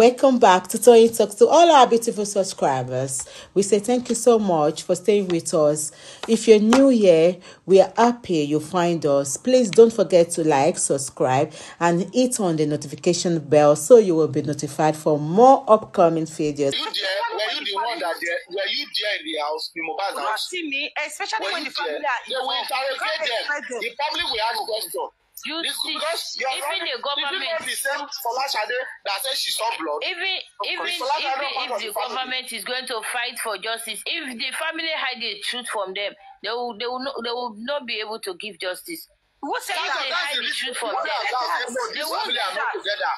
Welcome back to Tony Talks to all our beautiful subscribers. We say thank you so much for staying with us. If you're new here, we are happy you find us. Please don't forget to like, subscribe, and hit on the notification bell so you will be notified for more upcoming videos. You there? Were you the one that there? Were you there in the house, in Mohbad's house? You see me, especially when the family there? are involved. They will interrogate them. The family will ask questions. You see, because even the government, even the same Folashade that says she saw blood. Even even even if the, government is going to fight for justice, if the family hide the truth from them, they will they will not, they will not be able to give justice. What's that? If they hide the, truth from them, oh, they will not together.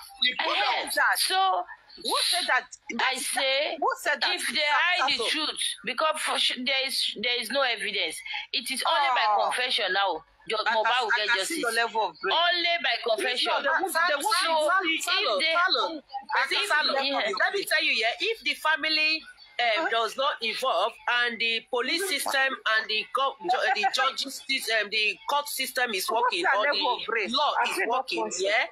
Uh, so. Who said that? I say, who said that? If they hide the truth, because for, there is there is no evidence. It is only uh, by ah. confession now just I mobile will get justice only by confession no, would, so if they let me tell you yeah if the family um, uh-huh. does not evolve and the police mm-hmm. system and the co- ju- uh, the judges system um, the court system is working or the law is working yeah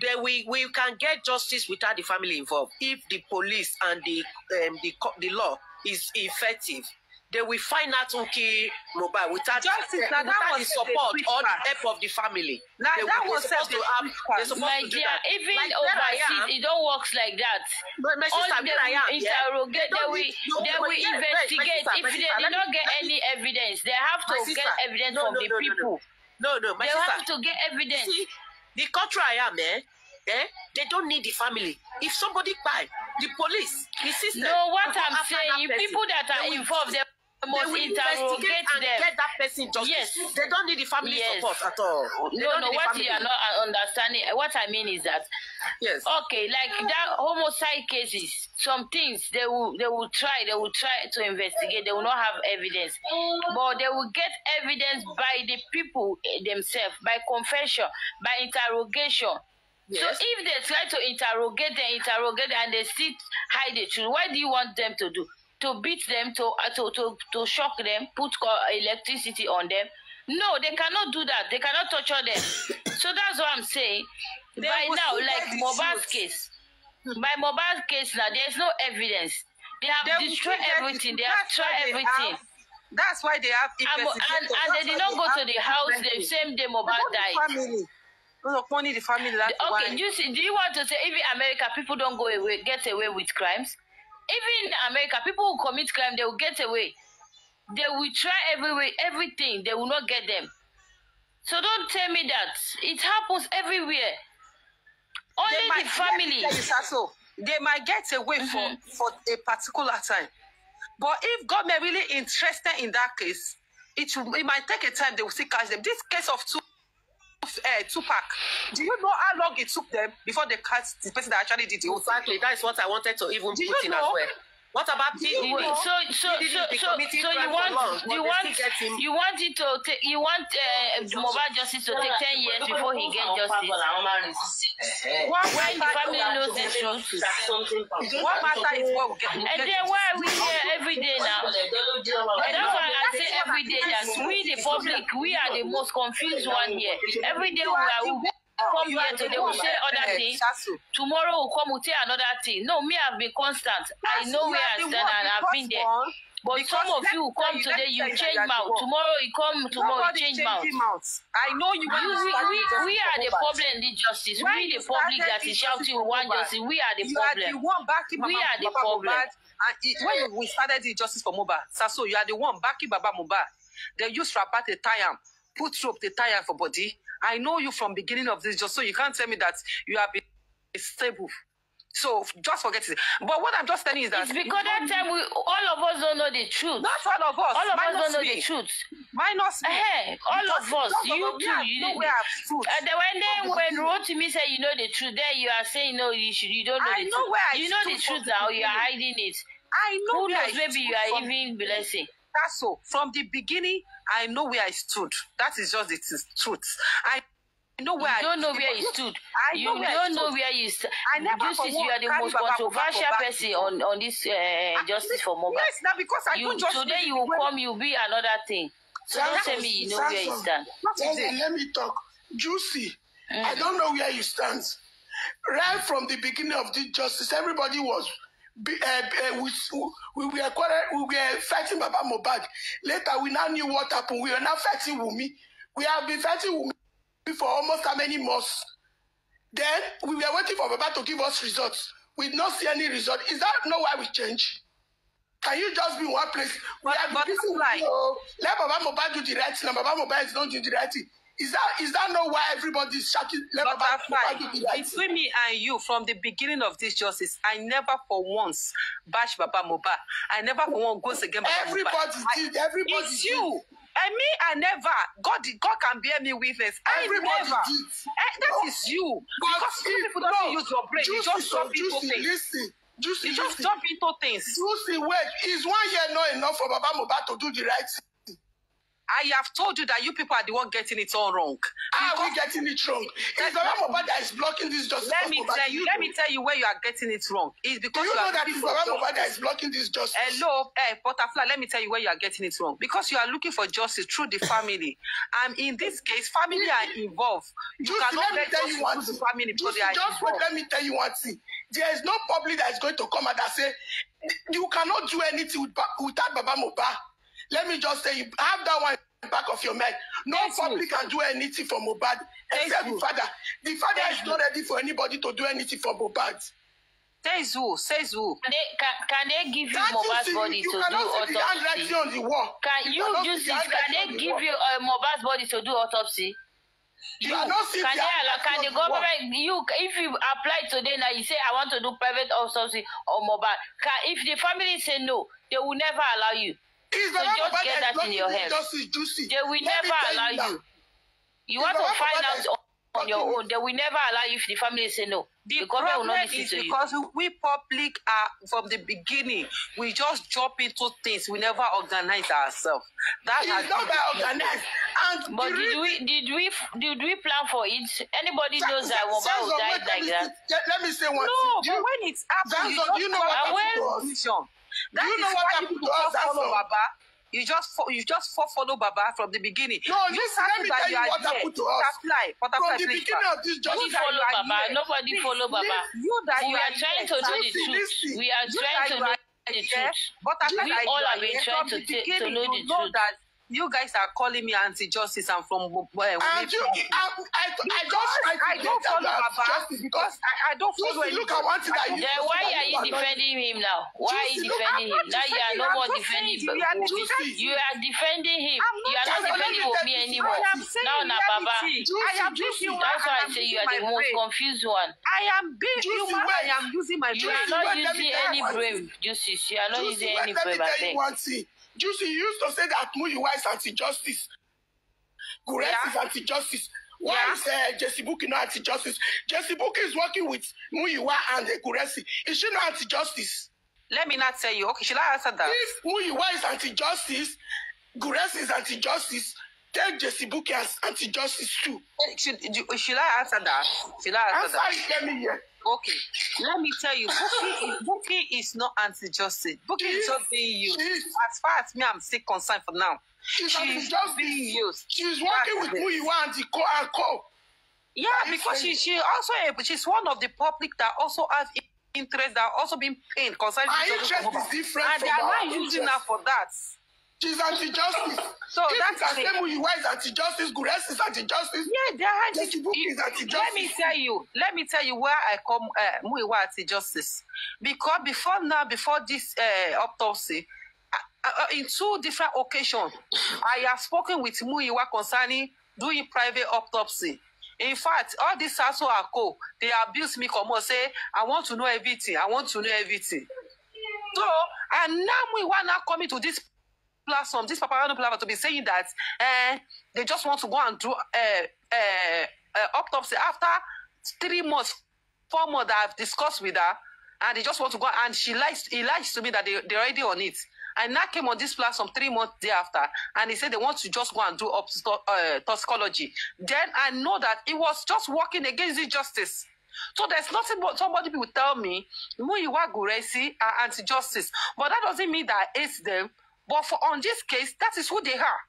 then we we can get justice without the family involved if the police and the um, the, the law is effective they will find out Nki Mohbad without, Justice, uh, without the support or the help of the family. Now they that was supposed to have. They're supposed to do that. even like overseas, it don't works like that. But my sister, All them I am, interrogate, yeah? they will, they will yes, investigate. Right, if sister, they did not get me, any evidence, they have to sister, get evidence no, from no, the no, people. No, no, my they sister. They have to get evidence. See, the country I am, eh? eh, they don't need the family. If somebody buy, the police, the system. No, what I'm saying, people that are involved, they They must they will investigate and them. get that person justice. Yes. They don't need the family yes. support at all. They no, no, what you are not understanding, what I mean is that, yes, okay, like that homicide cases, some things they will they will try, they will try to investigate, they will not have evidence, but they will get evidence by the people eh, themselves, by confession, by interrogation. Yes. So if they try to interrogate them, interrogate them, and they still hide the truth, what do you want them to do? to beat them, to uh, to, to to shock them, put electricity on them. No, they cannot do that. They cannot torture them. so that's what I'm saying. They By now, like Mobile's case, by Mobile's case now, there's no evidence. They have they destroyed everything. They have tried everything. Have. That's why they have and, and, and they did not go to the house the same day Mobile died. Family. Only the family. okay, why. Do you see, do you want to say even America people don't go away, get away with crimes? even in America, people who commit crime, they will get away. They will try every way, everything. They will not get them. So don't tell me that. It happens everywhere. Only the family. they might get away mm-hmm. for, for a particular time. But if government really interested in that case, it, should, it might take a time. They will still catch them. This case of two uh, Tupac. Do you know how long it took them before they cut the person that actually did the whole Exactly. That is what I wanted to even Do put you in know? as well. What about people? So so so so, so you want laws, you want you want it to take you want uh, Mohbad justice to take ten years before he get justice. What when the family knows the truth? What matter is what we get. And then why are we here every day now? And that's why I say every day that we the public we are the most confused one here. Every day we are. Uh, come here today, we say other thing. Tomorrow will come, we'll tell another thing. No, me, I've been constant. I know where I stand and I've been there. But because some of you come today, you change mouth. Tomorrow you come, tomorrow you change mouth. I know you. you we, we, we are the problem, the justice. When we the public that is shouting we want justice. We are the you problem. Are the one backing we are the Baba problem. Mohbad. And it, when we started the justice for Mohbad, Sasso, you are the one backing Baba Mohbad. They use rabat the tie put rope the tie for body. I know you from beginning of this just so you can't tell me that you have been stable. So just forget it. But what I'm just telling is that it's because that time we all of us don't know the truth. Not all of us. All of us don't know the truth. Minus me. Hey, all just, of us. you too. You know where I've stood. Uh, when they when Rotimi said you know the truth, then you are saying no, you should you don't know I the know truth. Where I you know the truth now, you are hiding it. I know. Who knows? Maybe you are even blessing. That's so. From the beginning I know where I stood. That is just the truth. I know where you don't know where you stood. I you know where don't I know where you stood. I never you, you are the most controversial person on on this uh, justice for mobile. Yes, now because I you, don't just today you will come, you'll be another thing. So Samson, don't tell me you know Samson, where you stand. Samson, let me talk. Juicy, mm. I don't know where you stand. Right from the beginning of this justice, everybody was be, uh, uh, we, we, were we were fighting Baba Mobad. Later, we now knew what happened. We are now fighting Wumi. We have been fighting Wumi for almost how many months? Then we were waiting for Baba to give us results. We did not see any result. Is that not why we change? Can you just be one place? We but, are but, like, oh. let Baba Mobad do the right thing, Baba Mobad is not doing the right thing. Is that is that not why everybody's shouting? Butterfly, between me and you, from the beginning of this justice, I never for once bash Baba Moba. I never for once goes against Baba Everybody did. Everybody It's did. you. And me, I never. God, God can bear me witness. I Everybody never. Did. I, eh, that no. is you. But because if, people don't no, use your brain. Juicy, you just drop oh, so into things. Listen. Juicy, you just jump into things. Juicy, wait. Is one year not enough for Baba Moba to do the right thing? I have told you that you people are the one getting it all wrong. How are we getting it wrong? It's the Baba that is blocking this justice. Let me tell you. Let me tell you where you are getting it wrong. It's because Do you, you know that it's Baba Baba that is blocking this justice. Hello, hey, eh, butterfly. Let me tell you where you are getting it wrong. Because you are looking for justice through the family, and in this case, family are involved. You just cannot let, let you one thing. Family just, they are just let me tell you one thing. There is no public that is going to come and say you cannot do anything without Baba Moba. Let me just say, have that one back of your mind. No yes, family yes. can do anything for Mobad. except yes, the father. The father yes, is not ready for anybody to do anything for Mobad. Says who? Says who? Can they, can, can they give you Mobad's body you to do autopsy? on the wall. Can you, you do this? Can they give the you uh, Mohbad's body to do autopsy? You, you cannot see can the, they, can the government you if you apply today now you say I want to do private autopsy or Mohbad. Can, if the family say no, they will never allow you. Is so just get that in your head. They will never allow you. You want to find out on, on your own. They will never allow you if the family say no. The because problem will not listen is to because we public are from the beginning. We just jump into things. We never organize ourselves. That is not by organized. And but did we did we did we plan for it? Anybody that, knows that Wamba will die like that. Let me say one no, thing. No, but when it's happening, you, you know what happened to us. That you know is what happened to us follow also. Baba. You just fo- you just fo- follow Baba from the beginning. No, you listen, let me tell you what I put to us. Butterfly, butterfly, from the beginning of this journey, follow Baba. Here. Nobody listen, follow Baba. You that we you are trying to know the truth. We are trying to know the truth. Butterfly, we all have been trying to know the truth you guys are calling me anti-justice and from uh, where? And you, I, I, I just try I don't follow Baba because I, I don't follow him. look at one thing that you Then why are you defending him now? Why are you defending him? Now you are no more defending him. You are defending him. You are not defending me anymore. Now na Baba. That's why I say you are the most confused one. I am being human. I am using my brain. You are not using any brain, Justice. You are not using any brain. Let me You you used to say that Muyiwa is anti-justice. Guret yeah. is anti-justice. Why yeah. is uh, Jesse Buki not anti-justice? Jesse Buki is working with Muyiwa and uh, Guresi. Is she not anti-justice? Let me not tell you. Okay, should I answer that? If Muyiwa is anti-justice, Guresi is anti-justice, Tell Jesse Booker and Auntie Justice too. Should, should I answer that? Should I answer, answer that? Let me hear. Okay, let me tell you, Bookie, Bookie is not anti justice. Bookie is just being used. As far as me, I'm still concerned for now. She's, she's just being used. She's working That's with Muiwa and the call and call. Yeah, that because she, she also eh, she's one of the public that also has interest that also been paid concerning. My interest is different. And they are not using her for that. She's anti-justice. So if that's Kasemu is anti-justice, Gures is anti-justice. Yeah, they are anti-justice. is anti-justice. Let me tell you, let me tell you where I come, uh, Muiwa anti-justice. Because before now, before this uh, autopsy, uh, uh, in two different occasions, I have spoken with Muiwa concerning doing private autopsy. In fact, all these Sasso and Co, they abuse me, come on, say, I want to know everything. I want to know everything. So, and now Muiwa now coming to this platform, this paparazzi platform, to be saying that uh, they just want to go and do uh, uh, autopsy after three months, four months I've discussed with her, and they just want to go. And she lies, he lies to me that they, they're already on it. And that came on this platform three months thereafter, and he said they want to just go and do uh, toxicology. Then I know that it was just working against injustice. So there's nothing but somebody will tell me, Muiwa Guresi are anti-justice. But that doesn't mean that I hate them But for on this case, that is who they are.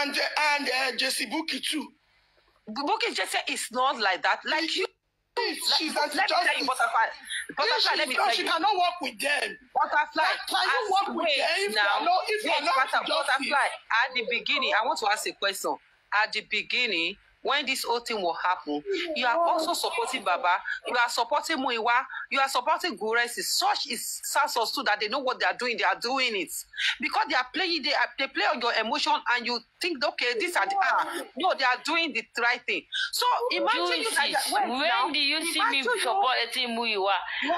And and uh, Jesse Buki too. Buki Jesse is not like that. Like she, you. She's like, let me tell you, butterfly. Butterfly, let me tell you. She cannot work with them. Butterfly, can you work with them if now? Not, if yes, not butterfly. At the beginning, I want to ask a question. At the beginning, when this whole thing will happen. You are also supporting Baba. You are supporting Muiwa. You are supporting Guresi. Such is SARS too that they know what they are doing. They are doing it. Because they are playing, they, are, they play on your emotion and you think, okay, this and ah, no, they are doing the right thing. So imagine you, you when now, do you see me supporting Muiwa?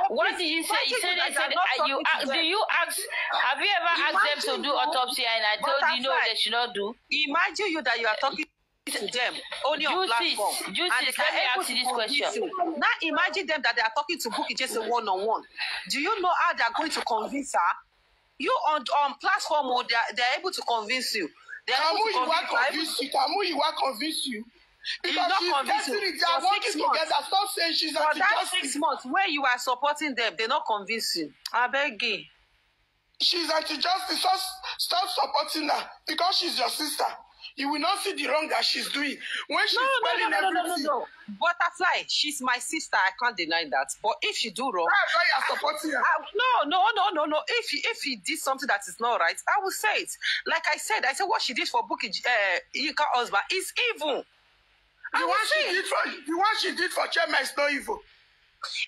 What did you say? You said, I said, you, ask, do you ask, have you ever asked them to do autopsy and I told you no, they should not do? Imagine you that you are talking To them only on platform. Juicy, and can I ask you this question? Now imagine them that they are talking to Bukit just one on one. Do you know how they are going to convince her? You on on platform, or oh, they are, they are able to convince you. They are Kamu able to convince, you convince you. Kamu, you are convince you. Because she's testing they are working together. Stop saying she's For that six months, where you are supporting them, they're not convincing. I beg you. She's anti-justice. Stop, stop supporting her because she's your sister you will not see the wrong that she's doing when she's no, no, no, no, everything. No, no, no, no. Butterfly, she's my sister. I can't deny that. But if she do wrong, I why you're supporting her. no, no, no, no, no. If he, if he did something that is not right, I will say it. Like I said, I said what she did for Buki uh, Osba is evil. The one she did for the one she did for Chema is not evil.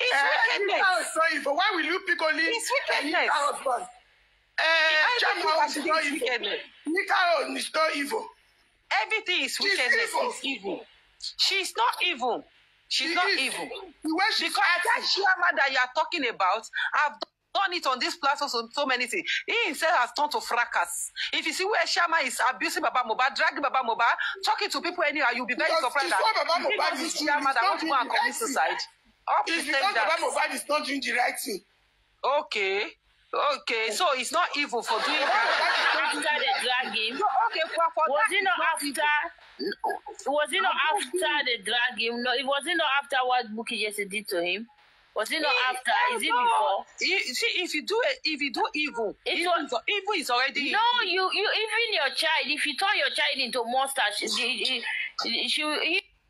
It's uh, wickedness. It's not evil. Why will you pick only it's eh, eh, wickedness. Yinka Uh, Chema is not evil. Yinka is not evil. Everything is wickedness is evil. She's not evil. She's she not is. evil. Because that Shiyama that you are talking about, I've done it on this platform so, so many things. He himself has turned to fracas. If you see where Shama is abusing Baba Moba, dragging Baba Moba, talking to people anyhow, you'll be very because surprised that Baba Moba is Shama that wants to go and commit suicide. Up if you know Baba Moba is not doing the right thing. Okay. Okay, so it's not evil for doing that. After no, okay, for, for was that, it not after? Was it not after the drag No, it wasn't not after what Buki just did to him. Was it not eh, after? No, is it before? You, see, if you do it, if you do evil, it evil, was, evil is already. No, evil. you, you, even your child. If you turn your child into a monster, she, she, she, she,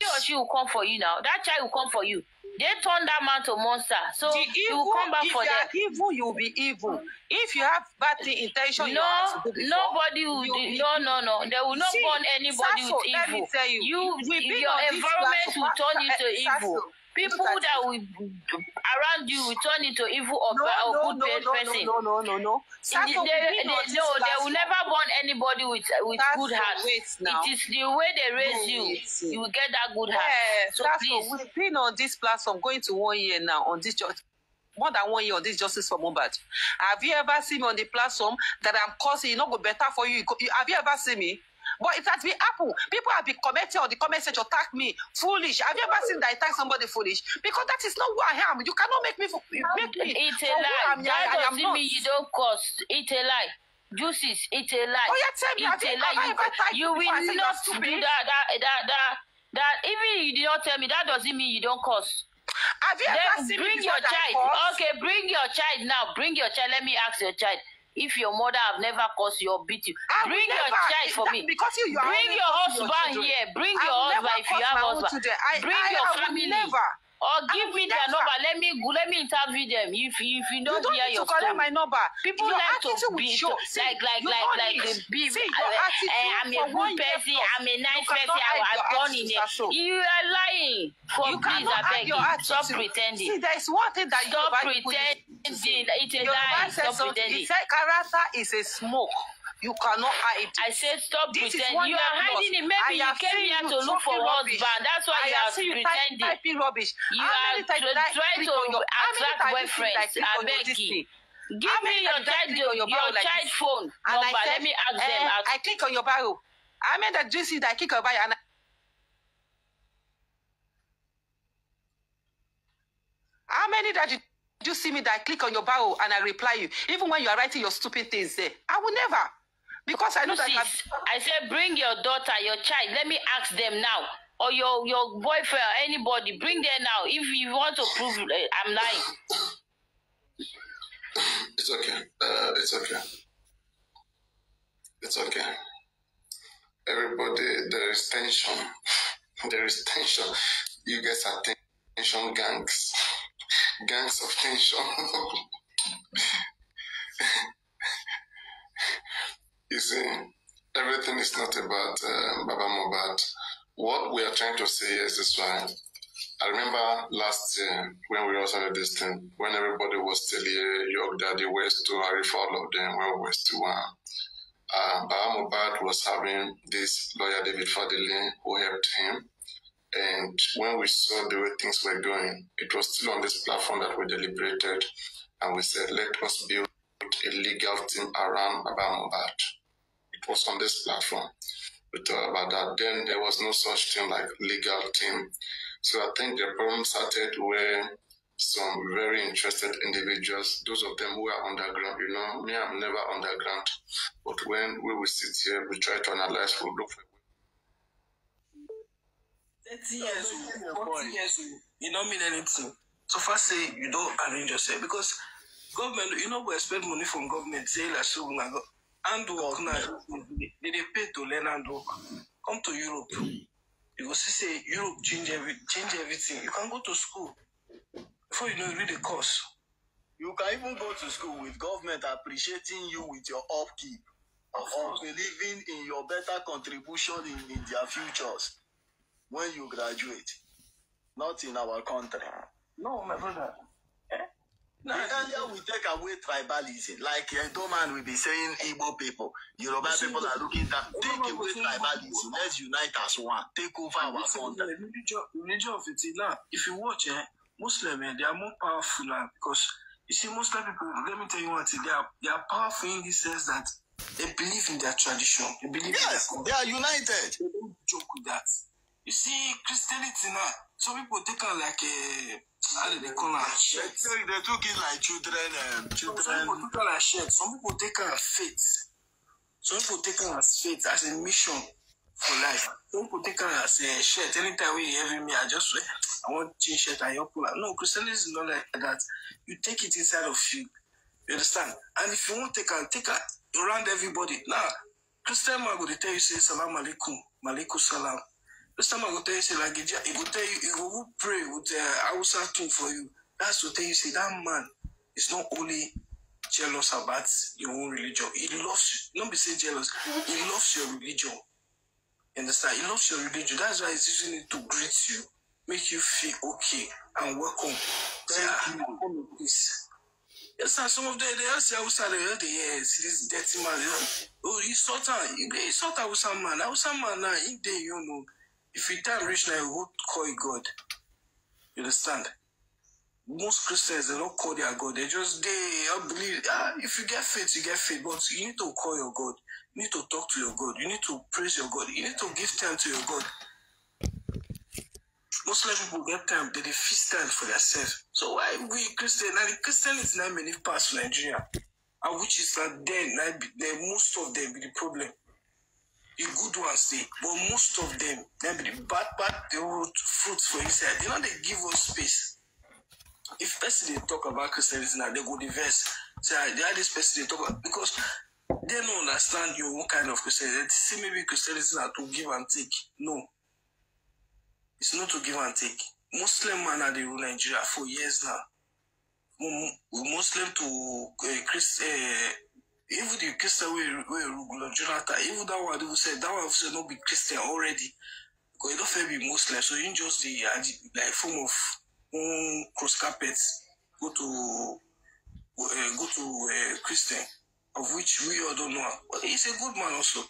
he or she will come for you now. That child will come for you. They turn that man to monster. So the evil, you will come back for you If Are evil, you will be evil. If you have bad intention, no, you nobody will. You no, no, no. They will not See, burn anybody Sasso, with evil. Let me tell you, you, you your environment will turn you to evil. Sasso people that will around you will turn into evil or, no, or no, good no, person. No, no, no, no, no. They, they, they, no, they will never born anybody with uh, with that's good heart. It is the way they raise you. Yes. You will get that good yeah, heart. So that's please. What, we've been on this platform going to one year now on this church more than one year on this justice for Mumbat. Have you ever seen me on the platform that I'm causing? You not go better for you. Have you ever seen me? But it has been Apple. People have been commenting on the comment section, attack me, foolish. Have you ever seen that attack somebody foolish? Because that is not who I am. You cannot make me um, make me. It's a lie. Am, that I, I doesn't mean you don't cost. It's a lie. Juices, it's a lie. Oh yeah, tell me. It's a lie. You, you will not do that. That that that that. Even you did not tell me. That doesn't mean you don't cost. Have you ever seen bring me your child? Okay, bring your child now. Bring your child. Let me ask your child if your mother have never caused you or beat you. I bring your child for me. Because you, you bring your husband your here. Bring your husband if you have husband. I, bring I, your I family. Never. Or give me their number. Let me go. Let me interview them. If if you don't, you don't hear need your to call my number. People your like to be show. See, like like like like the beef. See, eh, your uh, I'm a good person. I'm a nice person. I was born in it. You are lying. For you please, I beg you. Stop pretending. See, there is one thing that you stop pretending. It's a lie. Stop pretending. character is a smoke. You cannot hide. I said stop this pretending. You are hiding it. Maybe you came here to look for husband. That's why you are you pretending. Type, typing rubbish. You are trying to attract boyfriends. I beg you. Give me your child, your, your like child phone number. I said, Let me ask uh, them. Eh, I click on your barrel. I mean that this that I click on your barrel and I How many that you you see me that I click on your bio and I reply you, even when you are writing your stupid things there? I will never. Because I know Lucy, that I, I said, bring your daughter, your child. Let me ask them now or your your boyfriend or anybody bring them now if you want to prove eh, i'm lying it's okay uh, it's okay it's okay everybody there is tension there is tension you guys are tension gangs gangs of tension. you see, everything is not about uh, Baba Mubad. What we are trying to say is this one. I remember last year when we all started this thing, when everybody was still here, York Daddy was to Harry all of them when we were still one. Uh, Baba Mubad was having this lawyer David Fadilin who helped him and when we saw the way things were going, it was still on this platform that we deliberated and we said, let us build a legal team around Baba It was on this platform. We thought about uh, that. Then there was no such thing like legal team. So I think the problem started where some very interested individuals, those of them who are underground, you know, me, I'm never underground. But when we will sit here, we try to analyze, we we'll look for thirty years old forty years old you don't mean anything so first, say you don't arrange yourself because government you know, we expect money from government say like so and go hand work they pay to learn hand work come to europe you go see say europe change every change everything you can go to school before you know you read the course. you can even go to school with government appreciating you with your upkeep or believing in your better contribution in, in their futures when you graduate, not in our country. No, my brother. Eh? No, the earlier we take away tribalism, like eh, man, will be saying Igbo people, Yoruba people are looking down. Take away tribalism. Let's unite as one. Take over our country. Religion of it, Islam. If you watch eh, Muslim, eh, they are more powerful now because you see, Muslim people. Let me tell you what they are. They are powerful in this sense that they believe in their tradition. They believe yes, in their they are united. They don't joke with that. You see, Christianity now, some people take on like a how do they call it? Shirt. They took it like children. Um, children. Some people take on as shirt. Some people take on as faith. Some people take on as faith as a mission for life. Some people take on as a shirt. Anytime we hear me, I just I want change shirt. I help. No, Christianity is not like that. You take it inside of you. You understand? And if you want take on, take on around everybody. Now, Christian man will tell you say salam alaikum, malaikum salam someone will tell you, say, like, he will tell you, he will pray with the uh, Hausa tune for you. That's to tell you, say, that man is not only jealous about your own religion, he loves you. be say jealous, he loves your religion. You understand? He loves your religion. That's why he's using it to greet you, make you feel okay and welcome. Thank you. Peace. Yes, sir. Some of the they ask you, Hausa, they hear the this dirty man. You know, oh, he's Sultan. He's Sultan Hausa man. Hausa man, now, he, they, you know. If your turn rich, now, you won't call God. You understand? Most Christians, they don't call their God. They just, they don't believe. Ah, if you get faith, you get faith. But you need to call your God. You need to talk to your God. You need to praise your God. You need to give time to your God. Most the people get time, they, they feast time for themselves. So why we Christian? Now the Christian is not many parts of Nigeria. And which is that then, like, most of them be the problem. the good ones dey but most of them, dem be the bad bad the root fruits for inside they no dey give us space if person dey talk about christianity na they go dey vex say ah why this person dey talk about because they no understand you own kind of christianity they see maybe christianity na to give and take no it's not to give and take muslim man na dey rule nigeria for years now muslim to uh, eh, christian. Uh, eh, even the christian wey wey rugulo jonathan even that one even say that one say no be christian already because e no fit be muslim so him just dey uh, like form of one cross carpet go to uh, go to uh, christian of which we all don't know but he's a good man also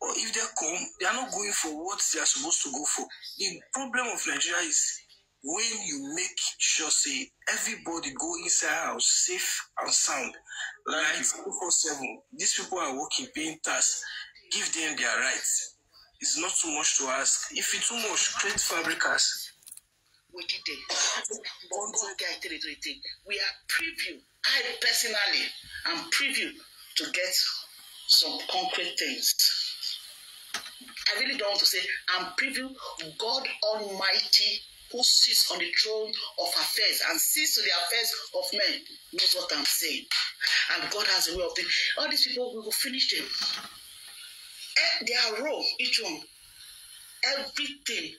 but if they come they are not going for what they are supposed to go for the problem of nigeria is when you make sure say everybody go inside house safe and sound right? four seven. These people are working, paying tax. Give them their rights. It's not too much to ask. If it's too much, create fabricators. We did it. We are preview. I personally am preview to get some concrete things. I really don't want to say I'm preview. God Almighty who sits on the throne of affairs and sees to the affairs of men knows what I'm saying. And God has a way of them. All these people, we will finish them. Eh, their role, each one, everything.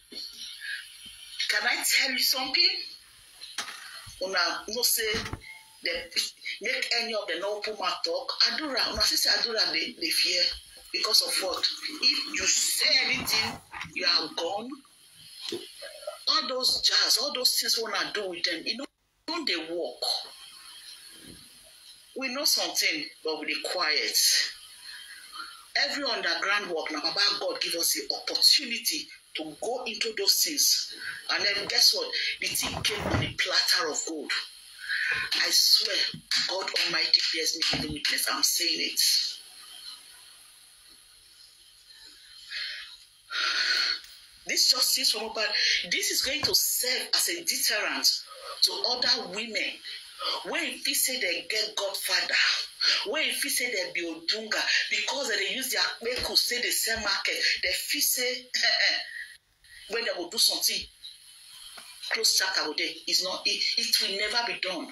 Can I tell you something? Una no say they make any of the noble man talk. Adura, una say Adura, they, they fear because of what? If you say anything, you are gone all those jars, all those things we wanna do with them, you know, don't they work? We know something, but we be quiet. Every underground work, now about God give us the opportunity to go into those things. And then guess what? The thing came on a platter of gold. I swear, God Almighty bears me the witness. I'm saying it. this justice from above. this is going to serve as a deterrent to other women wey fit say dem get godfather wey fit say dem be odunga because dem dey use their kpeku say dey sell market dem fit say when dem go do something close chapter go dey it's not it, it will never be done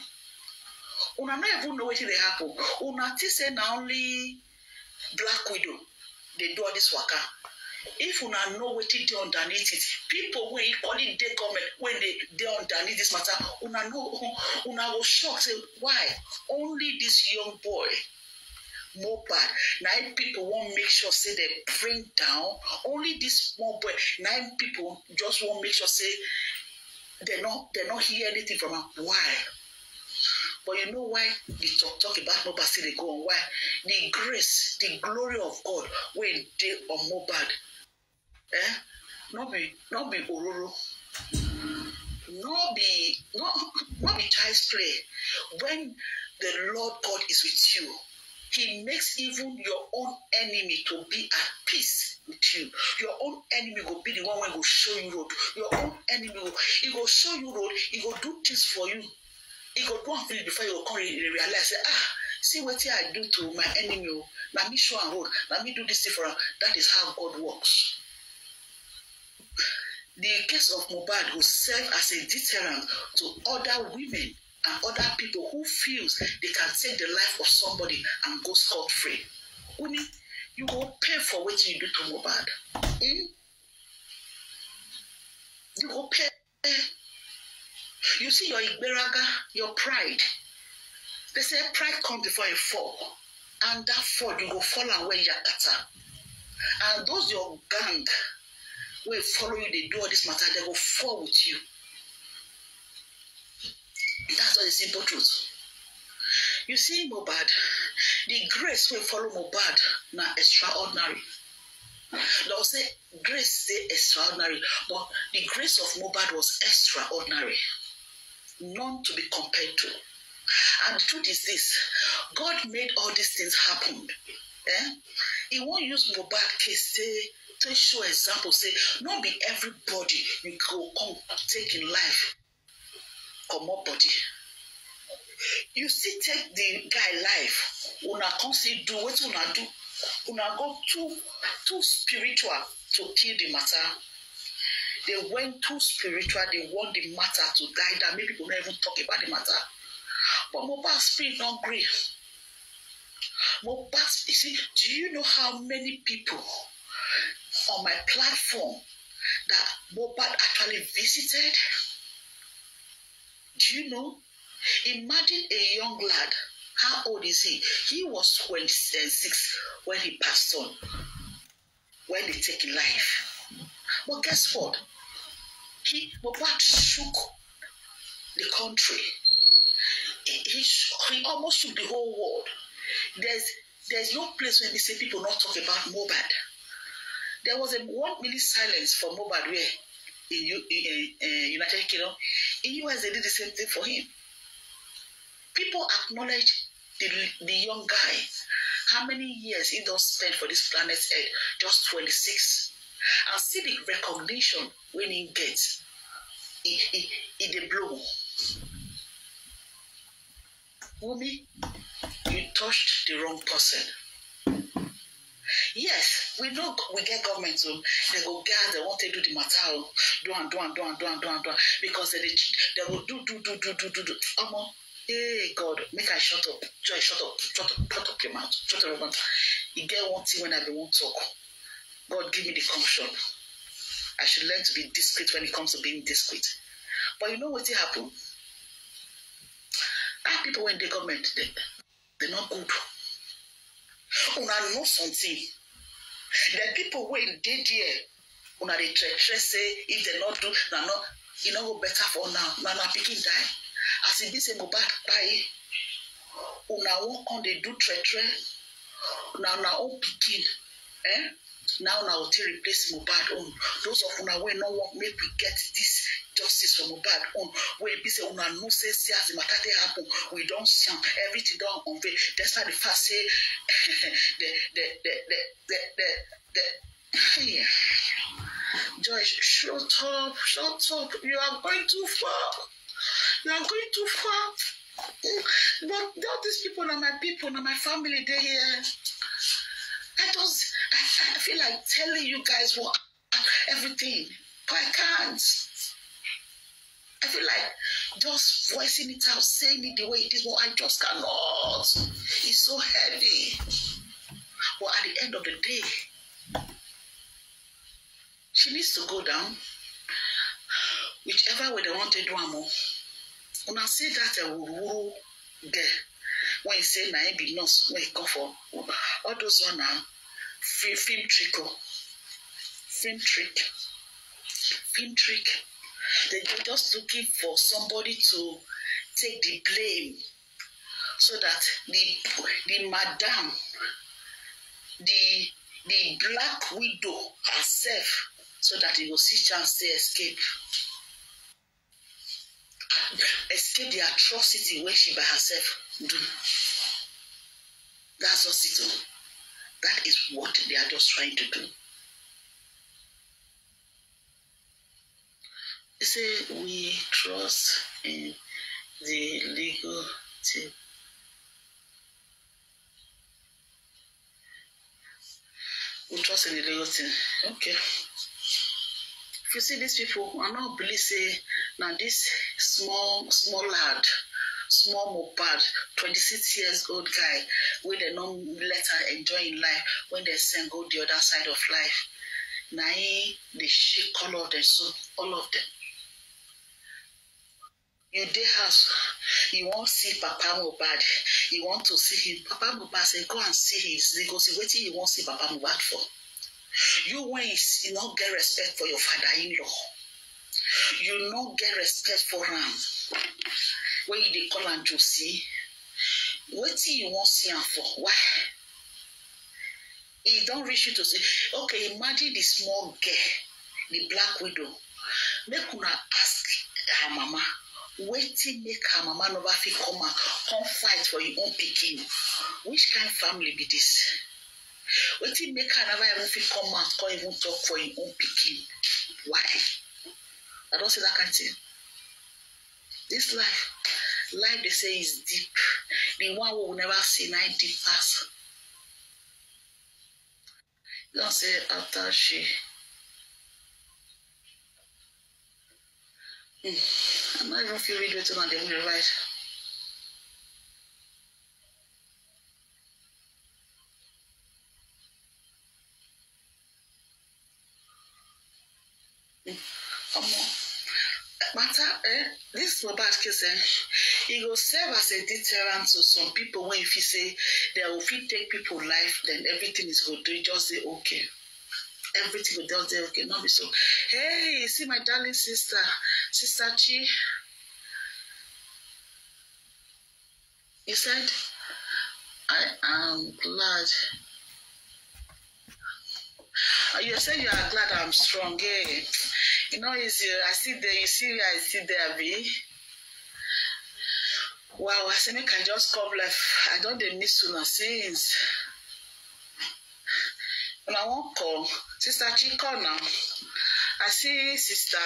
una no even know wetin dey happen una think say na only black widow dey do all this waka if una know wetin dey underneath it when wey call it the government when they they underneath this matter una know una go shock why only this young boy Mobile. Nine people won't make sure say they bring down. Only this small boy, nine people just won't make sure say they not they not hear anything from her. Why? But you know why we talk talk about mobile still they go on? Why? The grace, the glory of God when they on mobile eh no be no be ororo no be no no be child's play when the lord god is with you he makes even your own enemy to be at peace with you. Your own enemy will be the one who will show you road. Your own enemy will, he will show you road. He will do things for you. He will do one thing before you will come and realize, ah, see what I do to my enemy. Oh. Let me show and road. Let me do this thing for That is how God works. The case of Mohbad will serve as a deterrent to other women and other people who feels they can take the life of somebody and go scot-free. Uni, you go pay for what you do to Mohbad. Hmm? You go pay. You see your ìgbéraga, your pride. They say pride comes before a fall. And that fall, you go fall away yakata. And those your gang Will follow you They do all this matter They go fall with you that's just the simple truth you see Mobad, the grace will follow Mobad, Not extraordinary law say grace is extraordinary but the grace of Mobad was extraordinary none to be compared to and the truth is this god made all these things happen eh? He wan use mohbad case say eh, take show example say no be everybody you go come take im life comot body you see, take the guy life una come still do wetin una do una go too too spiritual to kill the matter they went too spiritual they want the matter to die down make people no even talk about the matter but mohbad spirit don gree Well, Pastor, you see, do you know how many people on my platform that Mobad actually visited? Do you know? Imagine a young lad. How old is he? He was 26 when he passed on, when they take life. But guess what? He Mobad shook the country. He, he, he almost shook the whole world. There's there's no place where we say people not talk about Mobad. There was a one minute silence for Mobad where in, U, in uh, United Kingdom, in US they did the same thing for him. People acknowledge the, the young guy. How many years he does spend for this planet Earth? Just 26. And see the recognition when he gets in, the blue. Wumi, touched the wrong person. Yes, we know we get government to they go guard they want to do the matter oh. do and do and do and do and do and do because they they go do do do do do do do. Omo, hey God, make I shut up, joy shut up, shut up, shut up your mouth, shut up your mouth. You get one thing when I be not talk. God give me the commission. I should learn to be discreet when it comes to being discreet. But you know what happened? That people when they government, they, they're not good. Una know something. The people did here, there, una dey treacherous say if they not do, na no, e no go better for now. Na na pikin die. As e go back by, kpai, una wan come they do treacherous. Na una own pikin. Eh? now now to replace mohbad own those of una wey no want make we get this justice from mohbad own wey be say una know say see as the matter dey happen we don't see am everything don That's despite the first say the the the the the the the yeah. Joyce, shut up, shut up. You are going too far. You are going too far. Mm. But all these people are my people, are my family. They here. I just I feel like telling you guys what everything, but I can't. I feel like just voicing it out, saying it the way it is, but I just cannot. It's so heavy. But at the end of the day, she needs to go down. Whichever way they want to do amo. When I say that a eh, wuru girl, when you say na be nurse, when you come for all those one now. film trick o film trick film trick they were just looking for somebody to take the blame so that the the madam the the black widow herself so that they go see chance to escape escape the atrocity wey she by herself do that's just it o. That is what they are just trying to do. They say we trust in the legal team. We trust in the legal team. Okay. If you see these people, I'm not believe say now this small small lad small twenty six years old guy, wey dem no let am enjoy im life wen dem send go di oda side of life. Na im dey shake all of dem so all of dem. You dey house, you wan see Papa Mohbad, you want to see him. Papa Mohbad say go and see him, he go wetin you wan see Papa Mohbad for. You wey you no get respect for your father-in-law, you no get respect for am wey you dey call am josie wetin you wan see am for why e don reach you to say okay imagine the small girl the black widow make una ask her mama wetin make her mama no fit come out come fight for im own pikin which kind family be dis wetin make her never even fit come out come even talk for im own pikin why i don say that kind thing. This life, life they say is deep. The one we will never see night deep pass. Don't say after she. Mm. I'm not even feeling good to not right. Matter eh This mobile case eh It go serve as a deterrent to some people. When if fit say they will fit take people life then everything is go They just say okay everything will just say okay Not be so hey see my darling sister sister chi you said i am glad you said you are glad i'm strong eh You Not easy. I see there. You see, where I see there, be. Wow, I say make I just come life. I don dey miss una since. Una wan call Sister Chika now. I see Sister,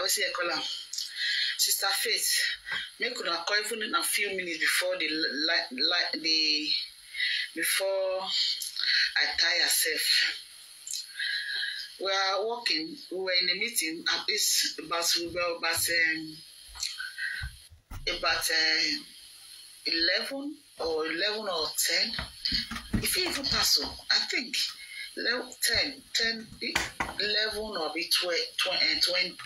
what's it call am? Sister Faith. Make una call even in a few minutes before the like like the before I tie herself. we are walking. We were in a meeting at this bus. We about um, about uh, eleven or eleven or ten. If you even pass on, I think 10, 10, 11 or uh, 20, 20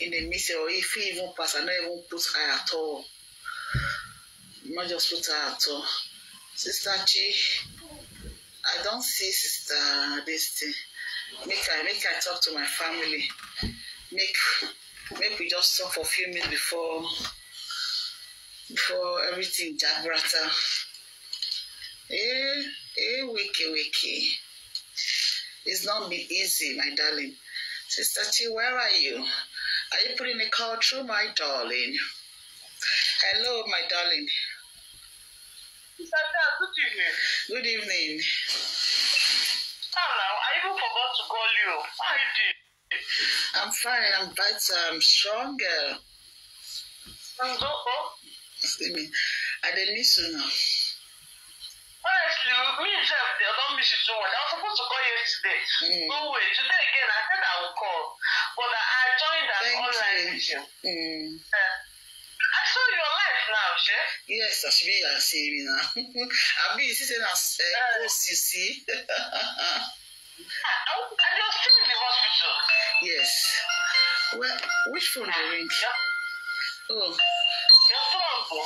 in the meeting. Or if you even pass, I don't even put eye at all. I just put eye at all. Sister Chi I don't see sister this thing. Make I make I talk to my family. Make make we just talk for a few minutes before before everything jabrata. Eh, eh, wiki wiki. It's not been easy, my darling. Sister T, where are you? Are you putting a call through, my darling? Hello, my darling. Good evening. Good evening. Hello, I even forgot to call you. How you doing? I'm fine. I'm better. I'm stronger. Uh, I'm so Excuse me. I didn't miss you now. Honestly, me and Jeff, they don't miss you so much. I was supposed to call yesterday. Mm. No way. Today again, I said I would call. But I joined an Thank online you. meeting. Mm. Uh, yes àṣìbí yà ṣe èmi náà àbí ṣíṣe náà ṣe eh, kó sì sí. and ah, you're still in the hospital. yes well which phone dey ring. oh. your phone go.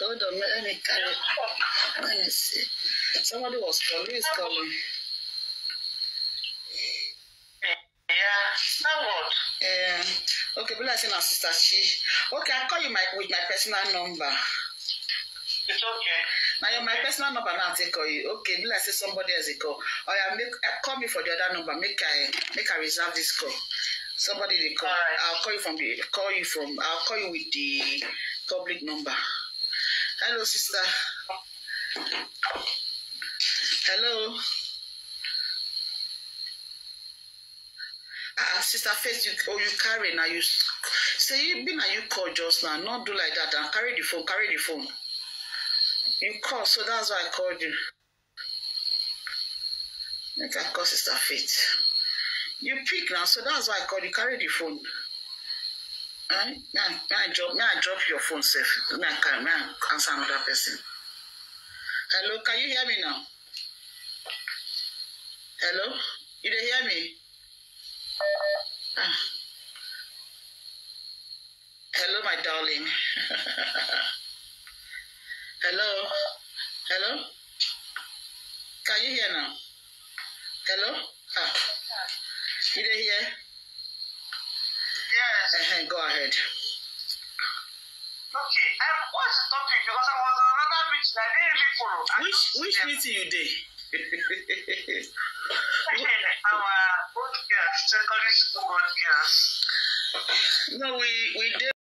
hold on let me carry let me see somebody was calling who is calling. Eh, yeah, now what? Yeah. Okay, blessing our sister Chi. Okay, I'll call you my with my personal number. It's okay. Now you're my personal number now I'll take call you. Okay, be like say somebody has a call. Or I make I call me for the other number. Make I make I reserve this call. Somebody they call. right. I'll call you from the call you from I'll call you with the public number. Hello, sister. Hello. sister first you or oh, you carry now you say you been and you call just now not do like that and carry the phone carry the phone you call so that's why i called you make i call sister faith you pick now so that's why i called you carry the phone right now i drop now i drop your phone safe now i carry now i answer another person hello can you hear me now hello you dey hear me. Hello, my darling. Hello. Hello. Can you hear now? Hello. Ah. You there? hear? Yes. Uh-huh. Go ahead. Okay. Um, what's the topic? Because I was on another meeting. I didn't really follow. Which which meeting you did? Our Podcast, secondary school podcast. No, we, we did.